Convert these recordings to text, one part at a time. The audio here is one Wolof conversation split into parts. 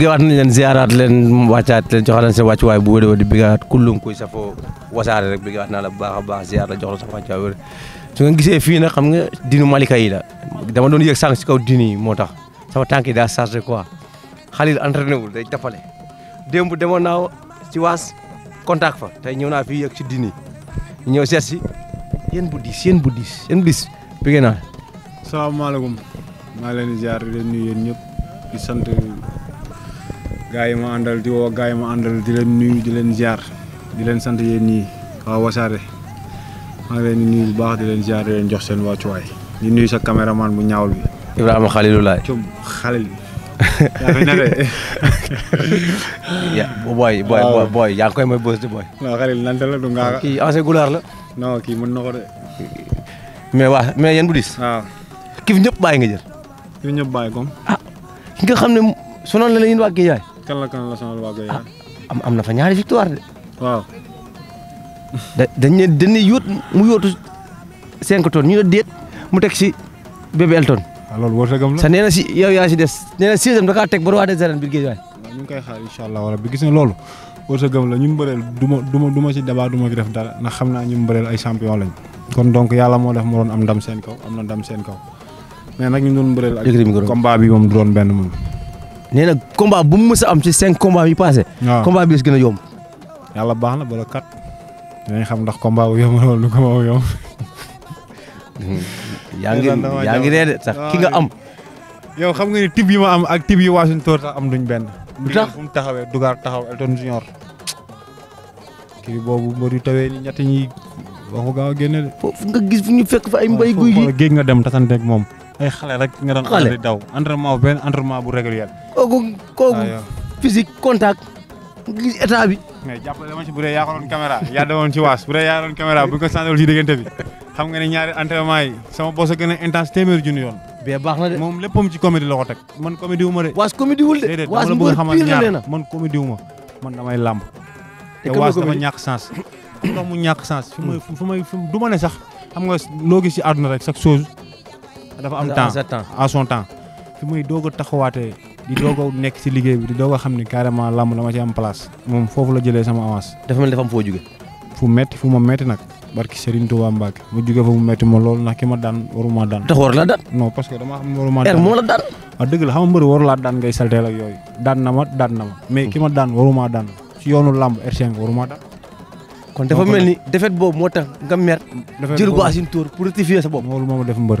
bëggewaat nañ leen ziaraat leen wàccaat leen joxaat leen seen wàccuwaay bu wér di bëggewaat kullum kuy safoo wasaare rek la bu baax a baax ziar la jox sa wàccuwaay wér su nga gisee fii nag xam nga dinu malika yi la dama doon yëg sànq si kaw din yi moo tax sama tànk yi daa chargé quoi xalil entraîné wul day tapale démb demoon naa ci waas contact fa tey ñëw naa fi yëg si din yi ñëw seet si yéen bu diis yéen bu diis yéen bu diis bëggee naa salaamaaleykum maa leen di ziar di leen ñëpp di gaa yi ma àndal di woo gaa yi ma leen nuyu di leen ziar di leen sant yéen nii waa wasaare maa ngi leen di nuyu bu baax di leen ziar di leen jox seen wàccuwaay di nuyu sa caméraman bu ñaawul bi. Ibrahima Khalilulaay. Cum Khalil. yaa ngi booy booy booy yaa ngi koy may bës di booy. waaw Khalil nante la ah, la. non kii mën na ko mais waa mais yéen bu dis. waaw kii bi ñëpp bàyyi nga jël. kii ñëpp bàyyi comme. ah ki nga xam ne su noonu la la ñuy wax Guèye kan la kan la sonal waa Goya. Ah, am am na fa ñaari victoire de. waaw. da dañ ne dañ ne mu yóotu cinq tonnes ñu ne déet mu teg si bébé Elton. waaw ah, loolu wërsëgam la. sa nee yaa si des nee na sixième da kaa teg ba roi ñu koy xaar incha allah wala bi gis nga loolu wërsëgam la ñu mbëreel du ma du ma du ma si débat du ma fi def dara ndax xam naa ñu mbëreel ay champion lañ. kon donc yàlla moo def mu doon am ndam seen kaw am na ndam seen kaw mais nag ñu doon mbëreel ak. combat bi moom du doon benn moom. nee na combat bu mu mës a am ci cinq combat yi passé. waaw combat bi gën a yomb. yàlla baax na bala kat dinañ xam ndax combat bu yomb loolu du combat bu yomb. yaa ngi yaa ngi ree de nga am. yow xam nga ni tib yi ma am ak tib yi Washington sax am duñ benn. du tax fu mu taxawee Dugar taxaw Elton Junior. kii boobu mbër yu tawee ñetti ñi waxu gaaw a génne de. foofu nga gis fu ñu fekk fa ay mbay guy gi géej nga dem tasanteeg moom. ay xale rek nga doon xale daw entraînement bu régulier. kooku kooku contact gis état bi. mais jàppale ma ci bu dee yaa ko doon caméra waas bu dee yaa doon caméra bu ñu ko bi xam nga ne ñaari entraînement yi sama boss a gën a intense téeméeri junni yoon. bee baax na de moom léppam ci comédie la ko teg man comédie wu de. waas comédie wul de déedéet dama la bëgg xamal ñaar man comédie ma man damay làmb. te waas hmm. sax xam nga loo si ci àdduna rek chaque chose dafa am temps à son temps muy doog a taxawaatee di doog a nekk si liggéey bi di doog a xam ne carrément làmb dama ci am place moom foofu la jëlee sama avance dafa mel dafa am foo jóge fu metti fu ma metti nag barki Serigne Touba Mbacke ma jóge fa mu metti ma loolu ndax ki ma daan waruma daan tax er, ah, mbër waru er boobu moo tax nga mer jël ko asin tour pour rectifier sa bopp loolu moo ma def mbër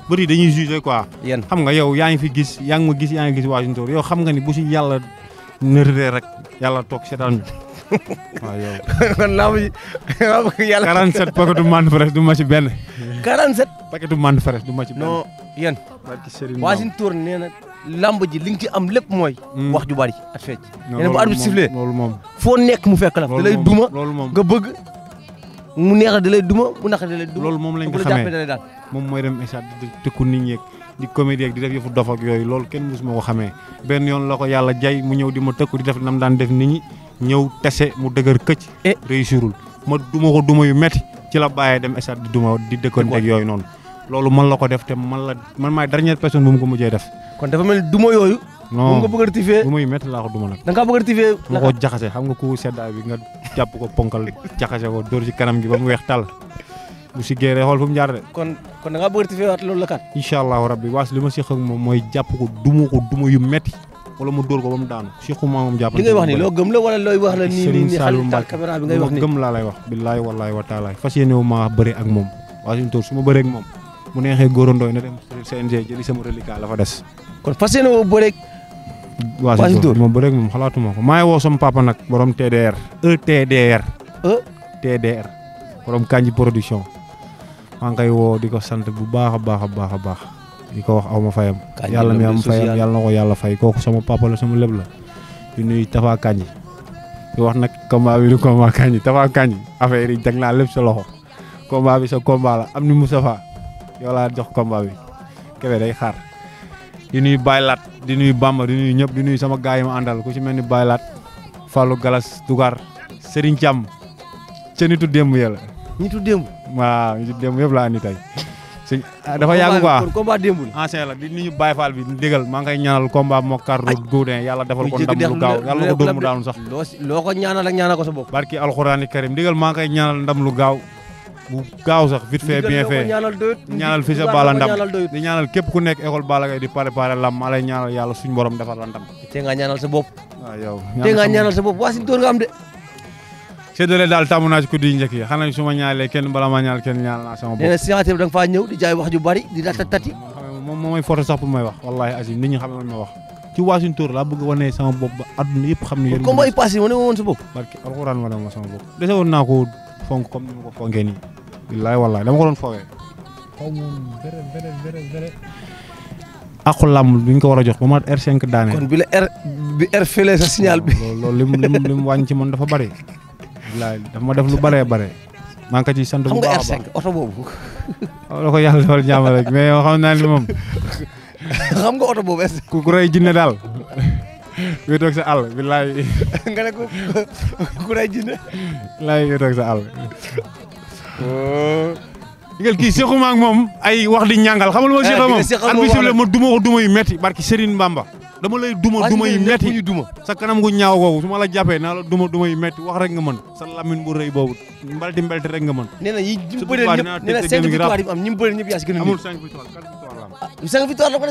yi dañuy jugé quoi. yéen xam nga yow yaa ngi fi gis yaa ngi ma gis yaa ngi gis Washintor yow xam nga ni bu si yàlla nërree rek yàlla toog seetaan bi waaw yow. kon laamu yi yàlla. 47 paquetu mande fraîche du ma ci benn. 47. paquetu mande du ma ci benn. non yéen. Washintor nee na lamb ji li nga ci am lépp mooy. Hmm. wax ju bari ak fecc. nee bu arbitre sifflé moom foo nekk mu fekk la. da lay duma nga bëgg mu neex da lay duma mu naqari da duma. loolu moom lañ ko xamee bu la da lay daal. moom mooy dem état di tëkku nit ñeeg di comédie ak di def yëfu dof yooyu loolu kenn mosuma ko xamee benn yoon la ko yàlla jay mu ñëw di ma tëkku di def daan def nit ñi ñëw tese mu dëgër këcc et eh. ma duma ko duma yu metti ci la bàyyee dem état di duma di dëkkoon ak yooyu noonu loolu man la ko def te man la man maay dernière personne bu mu ko mujjee def kon dafa mel ni duma yooyu non nga bëgg a tifee bu muy métti laa ko duma nag da nga bëgg a tifee ma ko jaxase xam nga ku seddaay bi nga jàpp ko ponkal jaxase ko dóor ci kanam gi ba weex tàll bu si géeree xool fu mu jaar de. kon kon da ngaa bëgg a tefewaat loolu la kat. incha allahu rabbi waas li ma seq ak moom mooy jàpp ko duma ko duma yu metti wala mu dóor ko ba mu daanu sequma moom jàpp li wax ni loo gëm la wala wax la nii nii nii xale taal caméra bi ngay wax ni gëm laa lay wax billaahi wallaahi wa taala fas yéene wu ma bëri ak moom Washintor su ma bëree ak moom mu neexee góorandooy na dem CNG jëli sama reliquat la fa des kon fas yéene woo bëri Washintor ma bëri ak moom xalaatuma ko maa woo sama papa borom TDR ETDR ETDR borom maa ngi woo di ko sant bu baax a baax a baax a baax di ko wax aw ma fayam. yàlla mi am fayam yàlla na ko yàlla fay kooku sama papa sama leb la. di nuyu Tafa Kañ di wax nag combat bi du combat Kañ Tafa Kañ affaire yi teg naa leb sa loxo combat bi sa combat la am ni Moustapha yow laa jox combat bi kebe day xaar. di nuyu Baye Lat di nuyu Bamba di nuyu ñëpp di nuyu sama gaay yi ma àndal ku ci mel ni Baye Lat Fallou Galas Dugar Serigne Thiam ca nitu démb yàlla nitu waaw démb yëpp laa andi tey. sëñ ah, dafa yàgg quoi kon combat démbul. ancien ni ñu Baye Fall bi dégal maa ngi koy ñaanal combat mook Carlo Goudin yàlla defal ko ndam lu gaaw yàlla ko dóor mu daanu sax. loo ñaanal ak ñaanal ko sa ndam lu ñaanal képp ku nekk école Balla Gaye di préparé lam ma ñaanal yàlla suñu borom defal la ndam. te nga ñaanal sa bopp. waaw yow te nga ñaanal sa bopp waa de. séddale daal tàmm naa ci ku njëkk yi xanaa su ma ñaalee kenn bala maa ñaal kenn ñaal sama bopp nee na siaté bi da nga faa ñëw di jaay laa bëgg wane sama bopp ba adduna yëpp xam ne yéen sa bopp barke alxuraan wane ma sama bopp dese woon naa ko fonk comme ni ma ko fonkee nii billahi wallahi dama ko doon foowee xaw moom bere bere ñu ko war a jox ba ma R5 daanee kon bi R bi sa signal bi loolu loolu lim lim wàññi ci man dafa bari bilaay dafa ma def lu baree bare maa ngi ko ciy sant bu baax xam oto boobu. la ko yàlla defal rek mais yow xam naa ni moom. nga oto boobu est ku rey jinne daal. wéy toog sa àll bilaay. nga ne ko ku rey jinne. bilaay wéy toog sa àll. ngel kii seexuma moom ay wax di ñàngal xamal ma seexuma moom. Eh, at bi sifle ma duma ko duma yu metti barki Serigne Bamba. dama lay duma duma yu metti sa kanam gu ñaaw googu su la jàppee naa la duma duma yu metti wax rek nga mën sa lamin bu rëy boobu mbelti mbelti rek nga mën nee mu a amul cinq victoire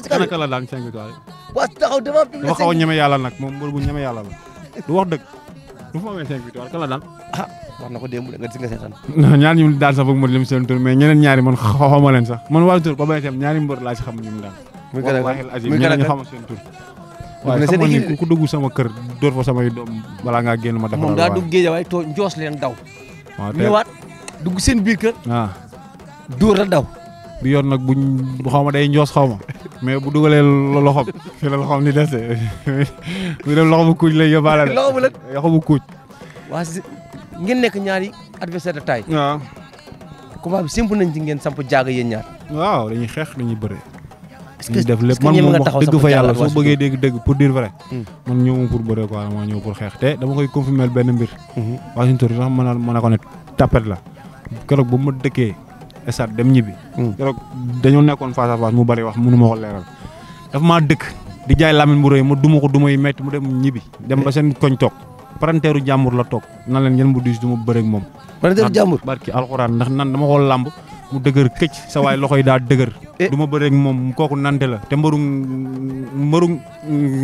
quatre yàlla nag moom mbër bu ñeme yàlla la du dëgg du fa amee cinq victoire ah, ñaar seen tur mais ñeneen ñaari man xawma leen sax man wàllu tur ba bay tam ñaari mbër laa xam ñu daan muy gën a muy gën a xam seen tur waaye xam ni ku dugg sama kër door fa samay doom balaa ngaa génn ma defal moom daa dugg géej waaye too njoos leen daw ñëwaat dugg seen biir kë waaw ah. dóor la daw bi yoon nag buñ xaw ma day njoos xaw ma mais bu dugalee loxoom fi la loxoom ni dese bu dem loxo bu kuuj lay yóbbaale la loxo bu lan loxo bu kuuj waa ngeen nekk ñaari adversaire de taille waaw ah. combat bi simple nañ ci ngeen samp jaaga yéen ñaar waaw dañuy xeex dañuy bëre est-ce que def lépp man moom wax dëgg fa yàlla soo bëggee dëgg pour dire vrai hmm. man ñëwuma pour bëre quoi dama koy confirmer benn mbir hmm. Washintor Touré sax mën a mën a ko ne la keroog ba ma dëkkee esat dem ñibbi hmm. keroog dañoo nekkoon face mu bari wax mënu ma ko leeral dafa maa dëkk di jaay lamine bu rëy ma duma ko dumay metti mu dem ñibbi dem ba seen koñ toog paranteeru jàmbur la toog nan leen ngeen bu diis du ma bëre ak moom paranteeru jàmbur barki alxuraan ndax nan mu dëgër këcc sa loxo yi daa dëgër. Eh. du ma bëreeg moom kooku nante la te mbaru mbaru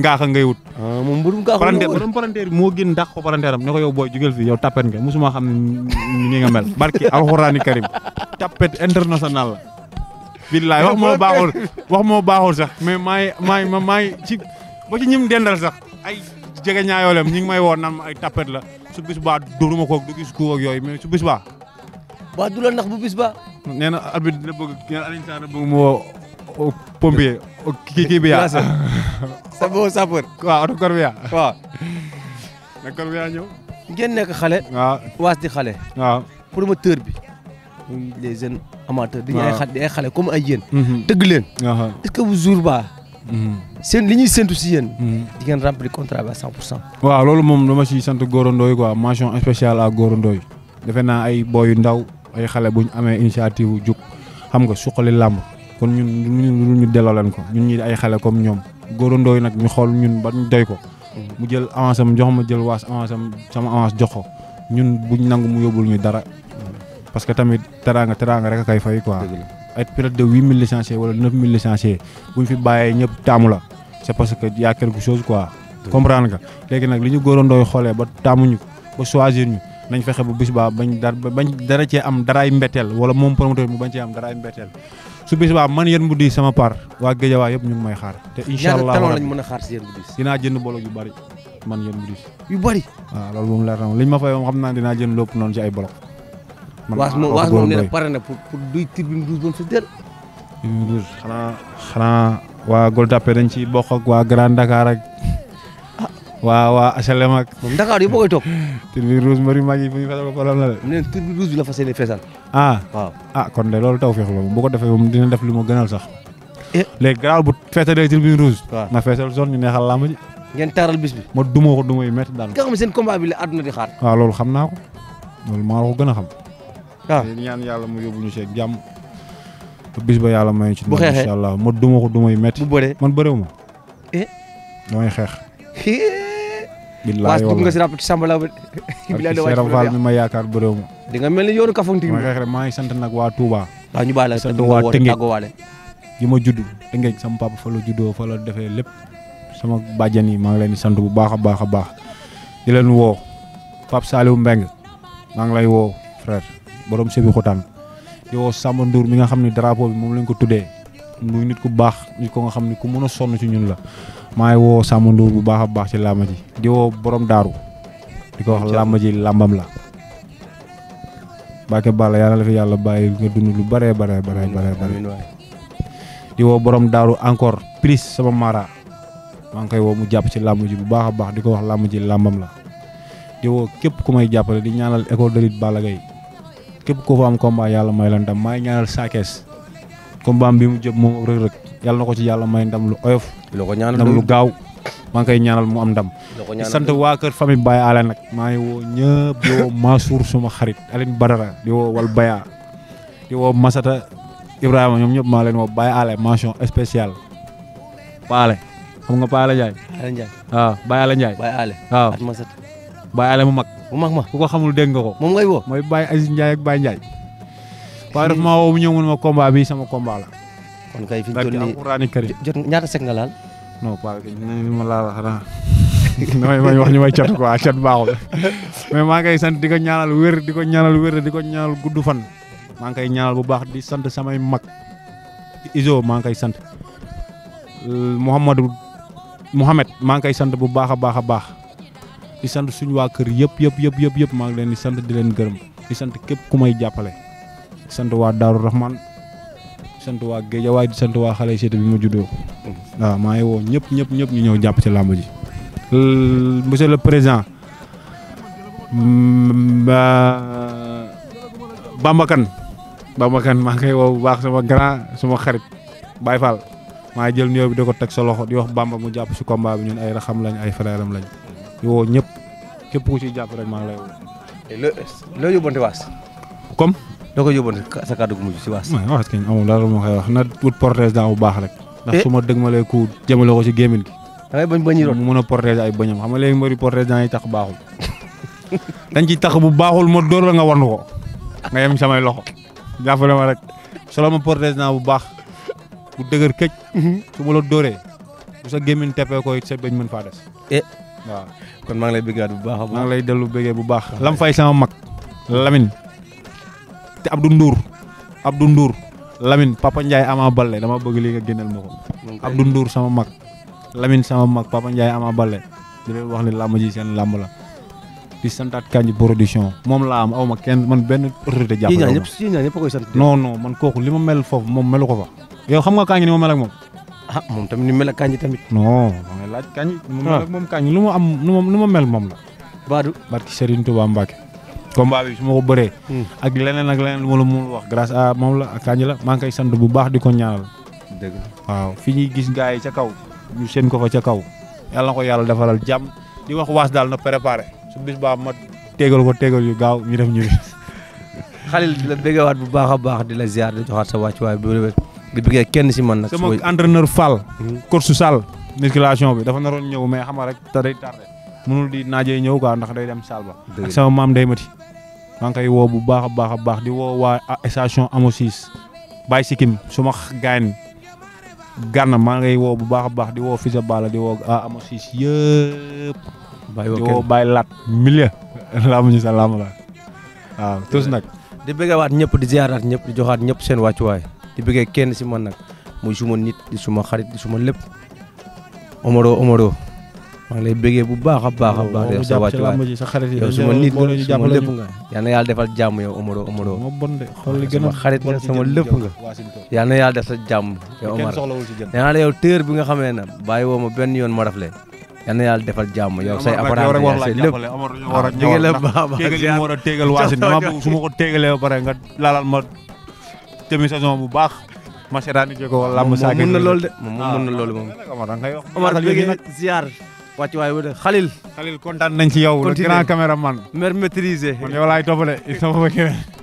ngaaxa ngay wut. ah moom mbaru ngaaxa palanteer borom palanteer bi moo gën dàq ko palanteeram ne ko yow booy jugeel fi yow tapet nga mosuma xam ne ni nga mel. barki alxuraani karim tapet international la. billaay wax moo baaxoon wax moo baaxoon sax mais maay maay maay ci ba ci ñim dendal sax ay jege ñaayoolem ñi ngi may woon nan ay tapet la su bis baa dóoruma koog du gis ku yooyu mais su bis baa. waa du la nax bis ba. nee na arbitre dina bëgg nee na Alioune Sarr dina bëgg mu woo pompier kii bi yaa. sa boobu sapeur. waaw oto na corbillard ñëw. ngeen nekk xale. waaw waas di xale. waaw promoteur bi. les jeunes amateurs. waaw dañuy ay xale ay xale comme ay yéen. Mhm. tëgg leen. est que bu jour ba. seen li ñuy séntu si yéen. Mhm. di ngeen remplir contrat bi à 100 pour cent. waaw loolu moom dama siy sant Goro Ndoye quoi mention spéciale à Goro Ndoye. defe naa ay booy yu ndaw. ay xale bu ñu amee initiative bu jug xam nga suqali làmb kon ñun ñun ñu delloo leen ko ñun ñu ay xale comme ñoom góorandoo nag ñu xool ñun ba ñu ko. mu jël avance am jox ma jël waas avance am sama avance jox ko ñun buñ nangu mu yóbbul ñu dara. parce que tamit teraanga teraanga rek a koy fay quoi. ay près de huit mille licenciés wala neuf mille licenciés bu fi bàyyee ñëpp taamu la c' est parce que y' a quelque chose quoi. comprendre nga léegi nag li ñu góorandoo xoolee ba taamuñu ko ba choisir ñu. nañ fexe ba bis baa bañ dara bañ dara am daraay mbetteel wala moom promoteur mu bañ cee am daraay mbetteel su bis baa man yéen bu diis sama part waa Géejawaay yëpp ñu ngi may xaar. te incha allah ñaata talon lañ a xaar si yéen yu bari man yéen bu diis. yu moom leer na liñ ma fay moom xam naa dinaa jënd lépp noonu ci ay bolo. man waas moom waas moom na pare mu fës xanaa waa Gueule Tapée dañ ci bokk ak waa Grand Dakar ak waaw waaw HLM ak. moom Dakar yi boo koy toog. tur mari mag yi bu ñu na tur bi rouge bi la fas yéene feesal. ah waaw ah kon loolu taw feex la ko defee dina def li mu gënal sax. Eh. léegi garaaw bu feesalee tur bi rouge. waaw na feesal zone ñu neexal làmb ji. ngeen taaral bis bi. ma duma ko duma yu métti daal. nga xam seen ah, xam naa ko loolu gën a xam. waaw ah. ñaan yàlla mu yóbbu ñu seeg jàmm. bis ba yàlla may ci. bu xeexee incha allah ma duma ko duma yu métti. bu bëree man bëreewu ma. Eh. damay xeex billaay waas dugg nga si rap ci Sambala ma yaakaar bërëmu. di nga mel ni yoonu Kafountine. ma maa ngi sant nag waa Touba. waaw ñu baal la sant waa Tëngéej tàgguwaale. gi ma judd Tëngéej sama papa fa la juddoo fa lépp sama bàjjen yi maa ngi leen di sant bu baax a baax a baax di leen woo Pape Saliou Mbengue maa ngi lay woo frère borom Sébi Xutaan di sama Samba Ndour mi nga xam ne drapeau bi moom lañ ko tuddee muy nit ku baax nit ko nga xam ni ku mën a sonn ci ñun la maa ngi woo Samba Ndour bu baax a baax ci làmb ji di borom daaru di ko wax làmb ji làmbam la. Mbacke Balla yàlla la fi yàlla bàyyi nga dund lu bare bare bare bare bare di woo borom daaru encore plus sama mara maa ngi koy woo mu jàpp ci làmb ji bu baax a baax di ko wax làmb ji làmbam la. di woo képp ku may jàppale di ñaanal école de lutte Balla Gaye képp ku fa am combat yàlla may la ndam maa ngi ñaanal Sa Thiès bi mu jëm moom rëg-rëg yàlla na ko ci yàlla may ndam lu oyof. ndam lu gaaw. maa ngi koy ñaanal mu am ndam. di sant waa kër famille Baye Alé nag. maa ngi woo ñëpp di woo Mansour suma xarit Aline Badara di woo wal Baya di woo Masata Ibrahima ñoom ñëpp maa leen woo Baye Alé mention spéciale Baale xam nga Baale Ndiaye. Baale Ndiaye waaw ah, ah. mu mag. mu mag ma ku ko xamul dégg nga ko. moom ngay woo mooy Baye Aziz Ndiaye ak Baye Ndiaye. waaye daf maa mu ñëw mu ma combat bi sama combat la. kon kay fi ñu nii jot ñaata sek nga laal. non pas que ma laal xanaa. damay may wax ñu may cat a cat baaxul mais maa ngi koy sant di ko ñaanal wér di ko ñaanal wér di ko ñaanal gudd fan. maa ngi koy ñaanal bu baax di sant samay mag. iso maa ngi koy sant. Euh, Mouhamadou Mouhamed maa ngi koy sant bu baax a baax a baax. di sant suñu waa kër yëpp yëpp yëpp yëpp yëpp maa ngi leen di sant di leen gërëm di sant képp ku may jàppale. sant waa Daaru Rahman. sant waa Géejawaay di sant waa xale Cité bi ma juddoo waaw maa ngi woo ñëpp ñëpp ñëpp ñu ñëw jàpp ci làmb ji monsieur le président mm, Bambakan Bambakan maa ngi koy woo bu baax sama grand sama xarit Baye Fall maa jël nuyoo bi di teg sa loxo di wax Bamba mu jàpp si combat bi ñun ay raxam lañ ay frère am lañ di képp ku si jàpp rek maa ngi lay woo. loo yóbbante waas comme doo ko yóbboon sa kàddu gu mujj si waas. waaw wax dëgg amul dara bu baax rek. ndax eh. su ma dëgmalee ku jëmale ko ci gi. da ngay bañ bañ ñu mën a portée ay bañam xam nga léegi mbëri portée daa ñuy tax baaxul. dañ ciy tax bu baaxul ma dóor la nga wan ko. nga yem samay loxo. jàppale ma rek solo ma portée naa bu baax bu dëgër këj. Mhm. su ma la dóoree bu sa gémmiñ teppee ko it sa bañ mën faa des. Eh. waa kon maa ngi lay bëggaat bu baax a baax. ngi lay dellu bëggee bu baax. lam fay sama mag Lamine te Abdou Ndour Abdou Ndour Lamine Papa Ndiaye Ama Baldé dama bëgg li nga génneel ma ko. Abdou Ndour sama mag Lamine sama mag Papa Ndiaye am a di leen wax ne làmb ji seen làmb la. di santaat Kandji production moom laa am aw ma kenn man benn autorité jàppale ma yéen ñaa ñëpp koy sant. non non man kooku li ma mel foofu moom melu ko fa. yow xam nga Kandji ni ma mel ak moom. Ah, tamit ni mel ak Kandji tamit. non ma laaj Kandji. mu ah. mel ak moom Kandji lu ma am lu ma mel moom la. Badou barki Serigne Touba Mbacke. combat bi su ma ko bëree. Hmm. ak leneen ak leneen lu ma la mun wax grâce à moom la ak Kandji la maa ngi koy sant bu baax di ko ñaanal. dëgg waaw fi ñuy gis gars yi ca kaw ñu seen ko fa ca kaw yàlla na ko yàlla defaral jàmm di wax waas daal na préparé su bis baa ma tegal ko tegal yu gaaw ñu def ñu. Khalil di la béggewaat bu baax a baax di la ziar di joxaat sa wàccuwaay bu wér di bëggee kenn si man nag. sama entraîneur Fall. Hmm. course salle musculation bi dafa naroon ñëw mais xam nga rek te day tardé. mënul di naajee ñëw quoi ndax day dem salle ba. ak sama maa ngi koy woo bu baax a baax a baax di woo waa station Amosis Baye Sikim suma gaañ gànn maa ngay woo bu baax a baax di woo Fisa Balla di woo di woo Baye Lat milieu laamu ñu sa laam la nag. di bëggewaat ñëpp di ziaraat ñëpp di joxaat ñëpp seen wàccuwaay di bëggee kenn si man nag muy suma nit di suma xarit di suma lépp Omaro Omaro. maa ngi lay bëggee bu baax a baax a baax yow sa wàccuwaay sa xarit yi yow suma nit nga suma lépp nga yal na yàlla defal jàmm yow Omaro Omaro sama na yàlla def sa jàmm yow Omar naa la yow téer bi nga xamee na bàyyi woo ma benn yoon ma rafle yal na yàlla defal jàmm yow say appareil yow say lépp ah, ñu ngi la baax a war a téegal waasin dama bëgg su ma ko téegalee ba pare nga laalal ma demi saison bu baax ma seetaani jóge wala lamb saa mun na loolu de ah, moom mun na loolu moom Omar bëggee ziar wàcc waay wu de Khalil. Khalil kontaan nañ ci yow. le grand caméraman. mer maîtrisé. man yow laay toppale il